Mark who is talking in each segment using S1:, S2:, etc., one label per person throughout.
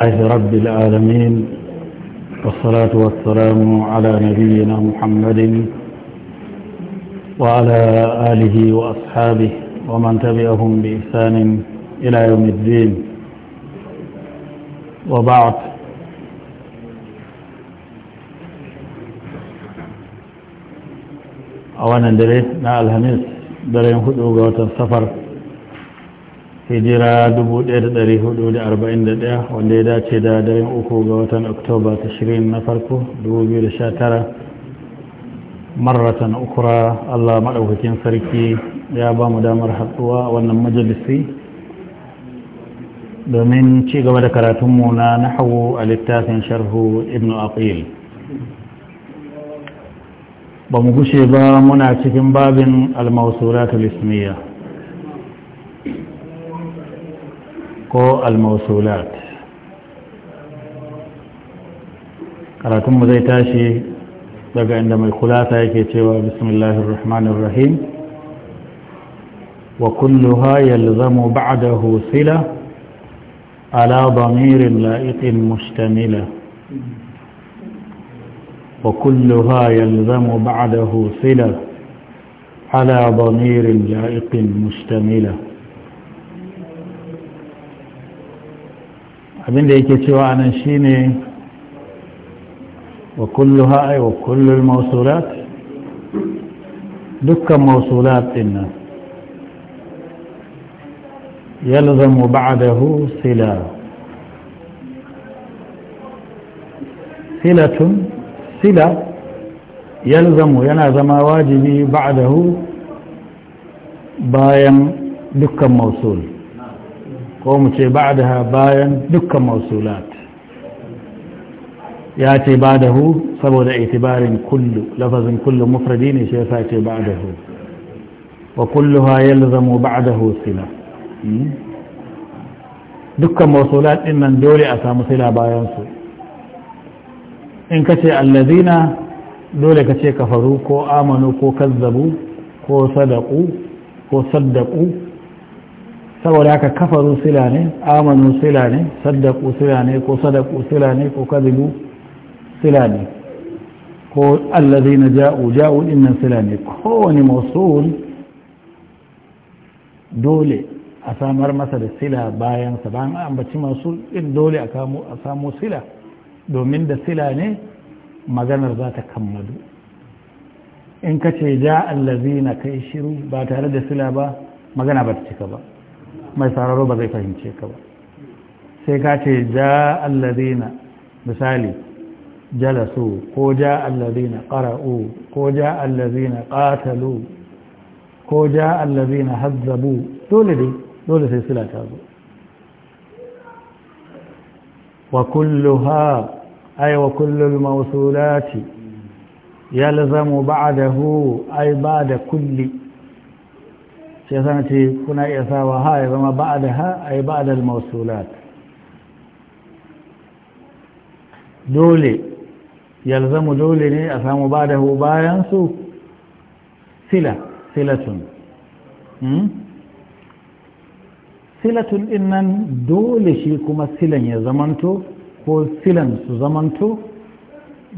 S1: الله رب العالمين والصلاة والسلام على نبينا محمد وعلى آله وأصحابه ومن تبعهم بإحسان إلى يوم الدين وبعد أولا دليل مع الهميس دري هدوغة السفر hijira 1441 wanda ya dace da daren uku ga watan oktoba ta shirin na farko 2019 maratan ukura allah maɗaukakin sarki ya ba mu damar haɗuwa wannan majalisi domin ci gaba da karatunmu na nahawu a littafin sharhu ibn aqil ba mu gushe ba muna cikin babin al ta ismiyya كو الموصولات قراتم مزيتاشي بقى عندما الخلاصة يكيتوا بسم الله الرحمن الرحيم وكلها يلزم بعده صلة على ضمير لائق مشتملة وكلها يلزم بعده صلة على ضمير لائق مشتمله abinda yake cewa anan shine wa kulluha ay wa kullul mawsulat dukkan mawsulat dinnan yalzamu ba'dahu sila silatun sila yalzamu yana zama wajibi ba'dahu bayan dukkan mawsul ko mu ce ba'daha bayan dukkan mausulat ya ce hu saboda itibarin kullu lafazin kullu mufradi ne shi yasa ce hu. wa kulluha yalzamu ba'dahu sila hmm? dukkan mausulat din nan dole a samu sila bayan su in kace allazina dole kace kafaru ko amanu ko kazzabu ko sadaku ko saddaku saboda haka kafaru sila ne amanu sila ne saddaku sila ne ko sadaku sila ne ko kadibu sila ne ko na ja'u ja'u dinnan sila ne kowane masul dole a samar masa da sila bayan sa bayan ambaci masu din dole a samu sila domin da sila ne maganar za ta kammalu in ka ce ja na kai shiru ba tare da sila ba magana ba ta cika ba mai sararo ba zai fahimce ka ba sai ka ce ja allazina misali jalasu ko ja allazina qara'u ko ja allazina qatalu ko ja allazina hazzabu dole dai dole sai sila ta zo wa kulluha ay wa kullul mawsulati yalzamu ba'dahu ay bada kulli. shi ya sanci kuna iya sawa ha ya zama ba'ada ha a yi da mausulat dole yalzamu dole ne a samu ba da hu bayan su sila silatun hmm? silatun nan dole shi kuma silan ya zamanto ko silan su zamanto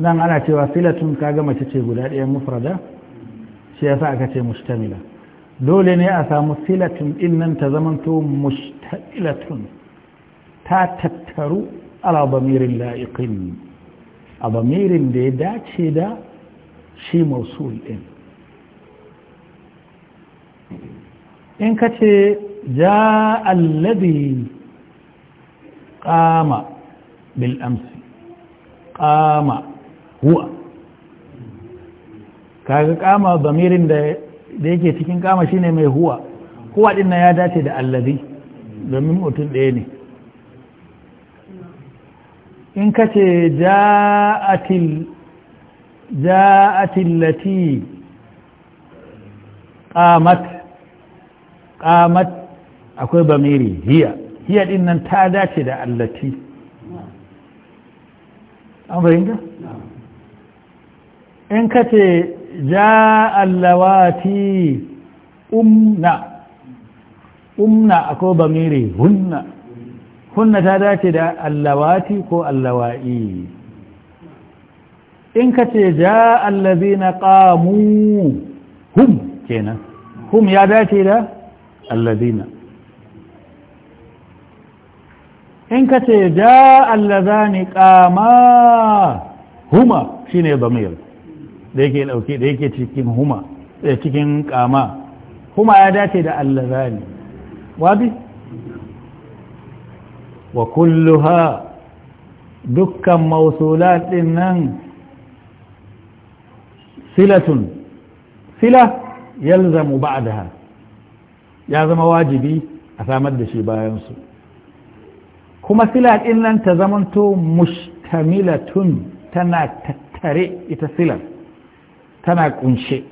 S1: nan ana cewa silatun kaga mace ce guda ɗaya mufrada shi yasa aka ce mustamila dole ne a samu silatun din nan ta zamanto mustaqilatun ta tattaru ala bamirin la'iqin a bamirin da ya dace da shi mausul din in ka ce ja alladhi qama bil amsi qama huwa kaga kama bamirin da da yake cikin kama shine mai huwa huwa din ya dace da allazi domin mutum ɗaya ne in ka ce ja'atil lati ƙamat ƙamat akwai bamiri hiya hiya din nan ta dace da allati an fahimta in ka ce جاء اللواتي أمنا أمنا أكو ضميري هن هن تاداتي دا اللواتي كو اللوائي إن كتي جاء الذين قاموا هم كينا هم يا داتي دا الذين إن كتي جاء اللذان قاما هما شيني ضمير da yake dauke da yake cikin huma da cikin kama huma ya dace da allazani wabi wa kulluha dukkan mausulat din nan silatun sila yalzamu ba'daha ya zama wajibi a samar da shi bayan su kuma sila din nan ta zamanto mushtamilatun tana tattare ita silar tana kunshe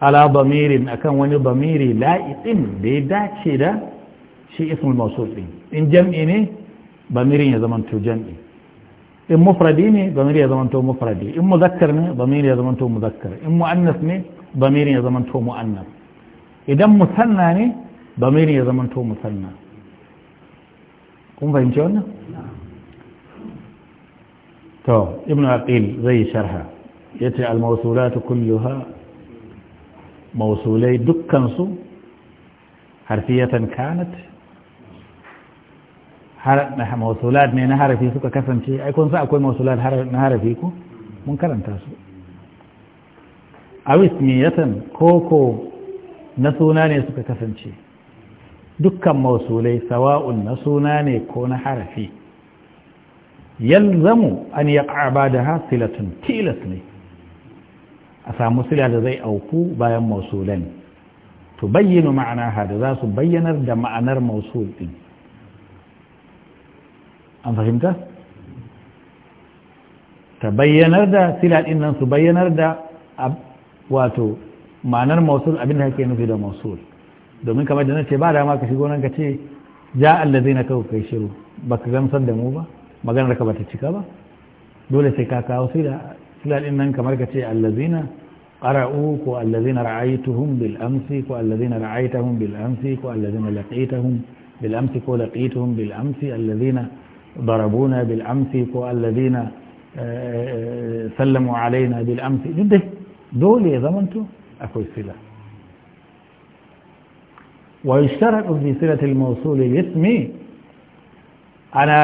S1: ala bamirin akan wani bamiri la'itin da ya dace da shi ismul mausul in jam'i ne bamirin ya zamanto jam'i in mufradi ne bamiri ya zamanto mufradi in muzakkar ne bamiri ya zamanto muzakkar in muannas ne bamirin ya zamanto muannas idan musanna ne bamirin ya zamanto musanna kun fahimci wannan to ibnu aqil zai sharha ya ce almausulatu kulluha mausulai dukkansu harfiyatan kanat mausulat ne na harafi suka kasance aikon sa akwai mausulat na harafi ko mun karanta su awismiyatan koko na suna ne suka kasance dukkan mausulai sawa'un na suna ne ko na harafi yalzamu an yi ƙaba da hasilatun tilas ne a samu sila da zai auku bayan mausulan to bayyana ma'ana hada za su bayyanar da ma'anar mausul din an fahimta ta bayyanar da sila din nan su bayyanar da wato ma'anar mausul abin da kake nufi da mausul domin kamar da nace ba ma ka shigo nan ka ce ja allazina kawo kai shiru ka gamsar da mu ba maganar ka ta cika ba dole sai ka kawo sila sila din nan kamar ka ce allazina قرأوك والذين رعيتهم بالأمس والذين رعيتهم بالأمس والذين لقيتهم بالأمس ولقيتهم بالأمس الذين ضربونا بالأمس والذين آه، آه، سلموا علينا بالأمس جده دول يا زمنتو أكو السلة ويشترك في صلة الموصول الاسم أنا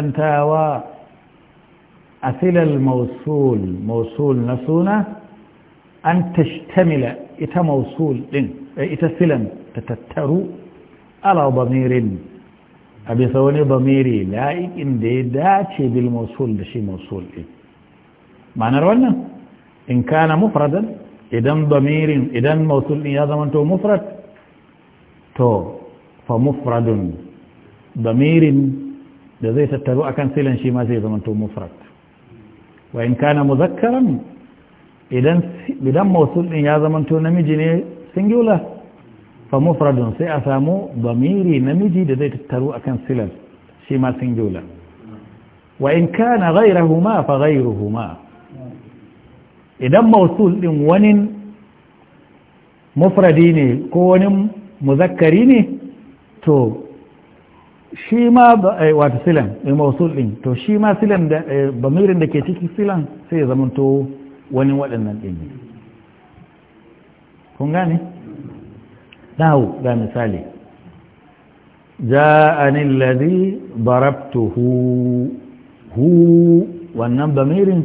S1: أنت و أصل الموصول موصول نسونا أن تشتمل إتا موصول إتا سلم تتترو على ضمير أبي ثواني ضميري لا إن دي داتي بالموصول لشي موصول إيه معنى روانا إن كان مفردا إذا ضمير إذا موصول إيه هذا من تو مفرد تو فمفرد ضمير لذي زي أكن سلم شي ما زي من تو مفرد وإن كان مذكرا idan idan mausul din ya zamanto namiji ne singular fa mufradun sai a samu bamiri namiji da zai tattaru akan silal shi ma singular wa in kana ma fa ma idan mausul din wani mufradi ne ko wani muzakkari ne to shi ma eh, wata silan mai eh, mausul din to shi ma silan da bamirin eh, da ke cikin silan sai ya zamanto wani waɗannan ɗin kun gane? nahu ga misali ja'ani alladhi barabtu hu wannan bamirin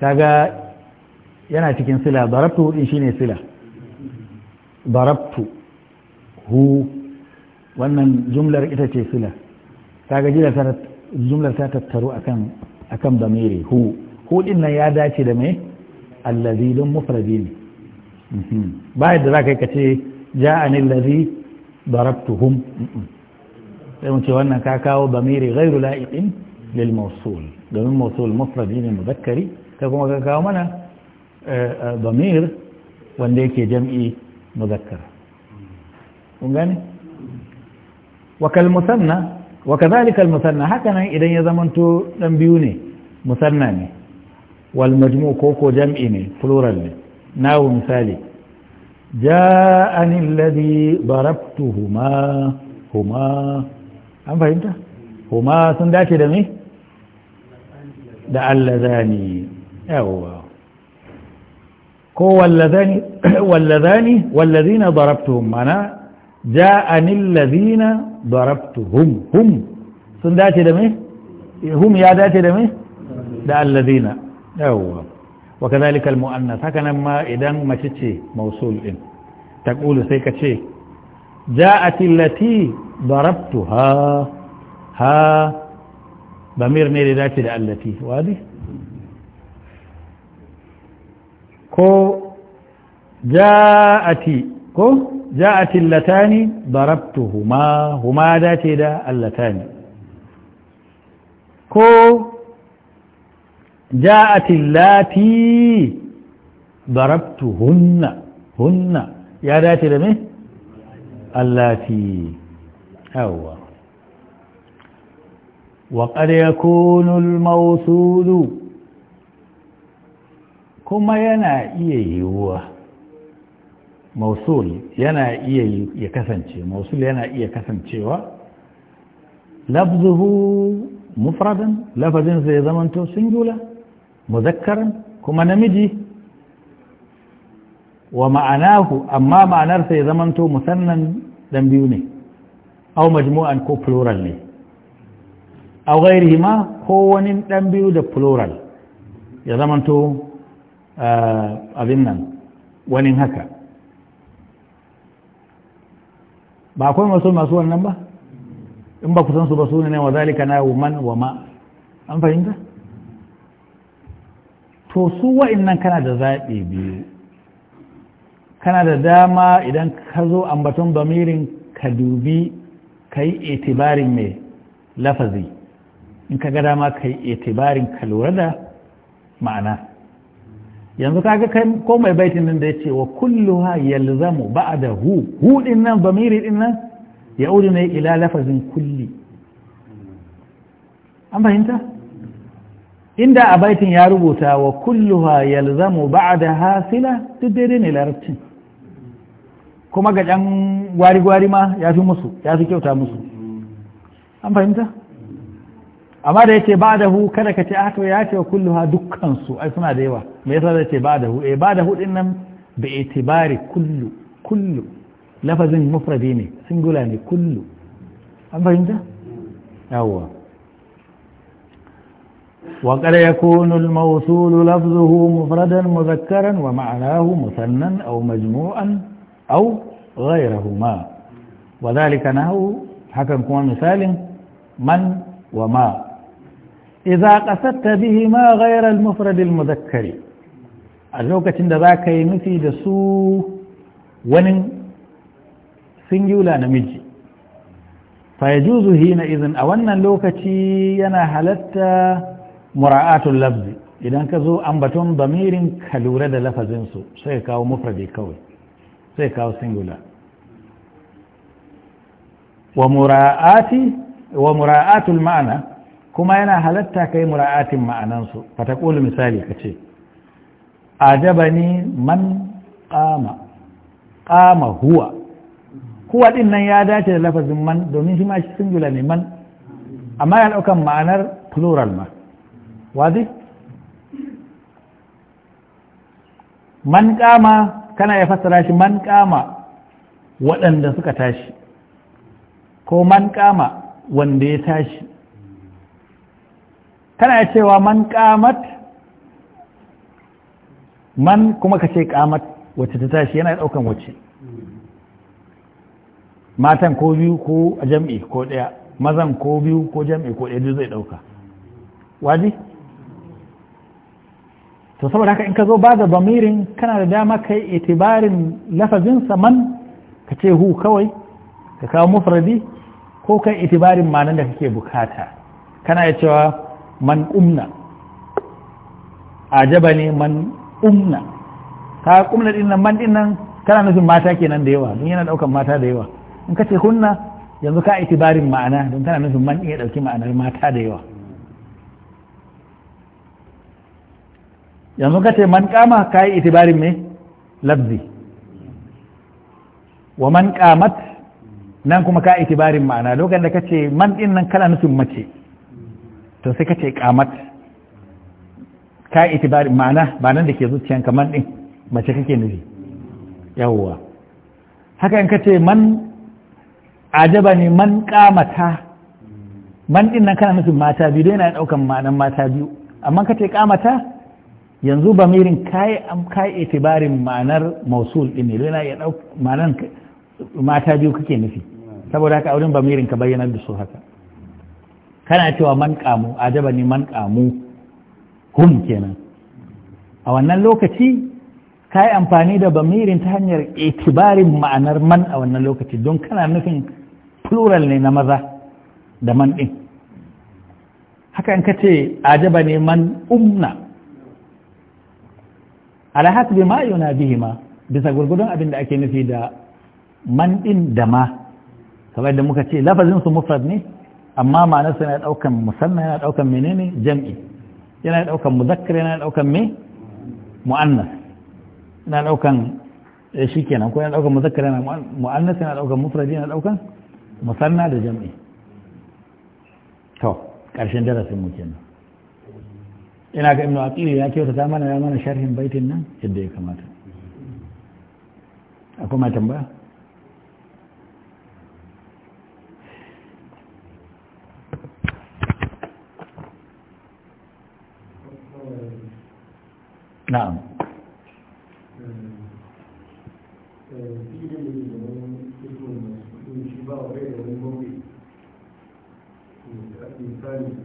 S1: kaga yana cikin sila barabtuhu din shine sila barabtu hu wannan jumlar ita ce sila kaga jila ta jumlar ta tattaru akan akan bamiri hu hudin nan ya dace da mai allazi don mufradi ne ba yadda za ka yi ka ce ja'ani allazi darabtuhum sai mun ce wannan ka kawo bamiri ghairu la'iqin lil mawsul domin mawsul mufradi ne muzakkari ka kuma ka kawo mana bamir wanda yake jam'i muzakkar kun gane wa kal musanna wa kadhalika al musanna hakanan idan ya zamanto dan biyu ne musanna ne والمجموع كوكو جمعيني فلورالي ناو مثالي جاءني الذي ضربتهما هما أم فهمت هما سنداك دمي دعال لذاني أهو كو واللذاني واللذاني والذين ضربتهم أنا جاءني الذين ضربتهم هم سنداك دمي هم يا ذاك دمي دعال لذين yawwa wa kadhalika al mu'annas haka nan ma idan mace ce mausul din taqulu sai ka ce ja'at allati darabtuha ha damir ne da dace da allati wadi ko ja'ati ko ja'ati allatani huma dace da ko جاءت اللاتي ضربتهن هن يا ذاتي لمه اللاتي أوى وقد يكون الموصول كما ينا إيه هو موصول ينا إيه يكسنشي موصول ينا إيه كسنشي لفظه مفردا لفظ زي زمن تو سنجولا muzakkar kuma namiji wa ma'anahu amma ma'anarsa ya zamanto musannan dan biyu ne au majmu'an ko plural ne au ghairihi ma ko wani dan biyu da plural ya zamanto eh, abin nan wani haka ba akwai masu wannan ba in ba ku san su ba su ne wa zalika na man wa ma an fahimta to su wa'innan kana da zaɓi biyu kana da dama idan ka zo ambaton bamirin ka dubi ka yi itibarin mai lafazi in ka ga dama ka yi itibarin ka lura da ma'ana yanzu kaga kai ko mai baitin din da ya ce wa kullu ha yalzamu ba'da hu hu din nan bamiri din nan ya ne ila lafazin kulli an fahimta inda a baitin ya rubuta wa kulluha yalzamu ba'da hasila duk daidai ne larabcin kuma ga ɗan gwari-gwari ma ya fi musu ya fi kyauta musu an fahimta amma da yace ba da hu kada ka ce ato ah, ya ce wa kulluha dukkansu ai suna da yawa me yasa zai ce ba da hu eh ba da hu din nan bi itibari kullu kullu lafazin mufradi ne singular ne kullu an fahimta yawwa وقد يكون الموصول لفظه مفردا مذكرا ومعناه مثنى أو مجموعا أو غيرهما وذلك نحو حكم كون مثال من وما إذا قصدت بهما غير المفرد المذكر عند ذاك يمثي دسو ون سنجولا نمجي فيجوز حينئذ أولا لوكتي ينا حلت mura'atul lafzi idan ka zo ambaton damirin ka lura da lafazinsu sai kawo mufradi kawai sai kawo singular wa mura'ati wa mura'atul ma'ana kuma yana halatta kai mura'atin ma'anansu fatakulu misali kace ajabani man qama qama huwa huwa din nan ya dace da lafazin man domin shi ma shi singular ne man amma ya daukan ma'anar plural ma wazi man kama kana ya fassara shi man kama waɗanda suka tashi ko man kama wanda ya tashi kana ya cewa man kamat man kuma ka ce kamat wacce ta tashi yana ɗaukan wacce matan ko biyu ko jam'i ko ɗaya mazan ko biyu ko jam'i ko ɗaya zai ɗauka waji to saboda haka in ka zo ba da bamirin kana da dama kai itibarin lafazinsa man ka ce hu kawai ka kawo mufradi ko kai itibarin manan da kake bukata kana ya cewa man umna ajaba ne man umna ka umna din nan man din nan kana nufin mata kenan da yawa don yana daukan mata da yawa in ka ce hunna yanzu ka itibarin ma'ana don kana nufin man iya dauki ma'anar mata da yawa yanzu ka ce man kama ka yi itibarin me labzi wa man kamat nan kuma ka itibarin ma'ana lokacin da ka ce man ɗin nan kana nufin mace to sai ka ce kamat ka yi itibarin ma'ana ba nan da ke zuciyanka man ɗin mace kake nufi yawwa haka in ka ce man ajaba ne man kamata man ɗin nan kana nufin mata biyu dai na ɗaukan ma'anan mata biyu amma ka ce kamata yanzu bamirin kai am kai itibarin ma'anar mausul din ne yana ya dau ma'anar mata biyu kake nufi saboda haka auren bamirin ka bayyanar da su haka kana cewa man kamu ajaba ni man kamu hum kenan a wannan lokaci ka amfani da bamirin ta hanyar itibarin ma'anar man a wannan lokaci don kana nufin plural ne na maza da man ɗin haka in ka ce ajaba ne man umna ala hasbi ma yunabihima bisa gurgudun abin da ake nufi da man din da ma kamar da muka ce lafazin su mufrad ne amma ma'anarsa yana daukan musanna yana daukan menene jam'i yana daukan muzakkar yana daukan me mu'annas yana daukan eh, shikenan kenan ko yana daukan muzakkar yana mu'annas yana daukan mufrad yana daukan musanna da jam'i to karshen darasin mu kenan ina ga ibnu aqil ya ta mana ya mana sharhin baitin nan yadda ya kamata akwai mai tambaya na'am Thank you.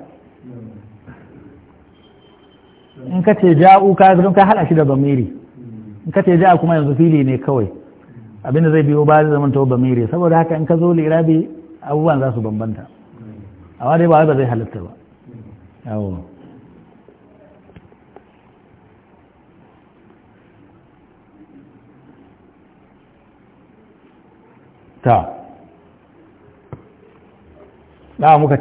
S1: in ka ce ja'u ka zama ka hada shi da bamiri in ka ce ja'a kuma yanzu fili ne kawai abinda zai biyo ba zai zama to bamiri saboda haka in ka zo lirabi abubuwan za su bambanta amma dai ba ba zai halatta ba yawo ta da muka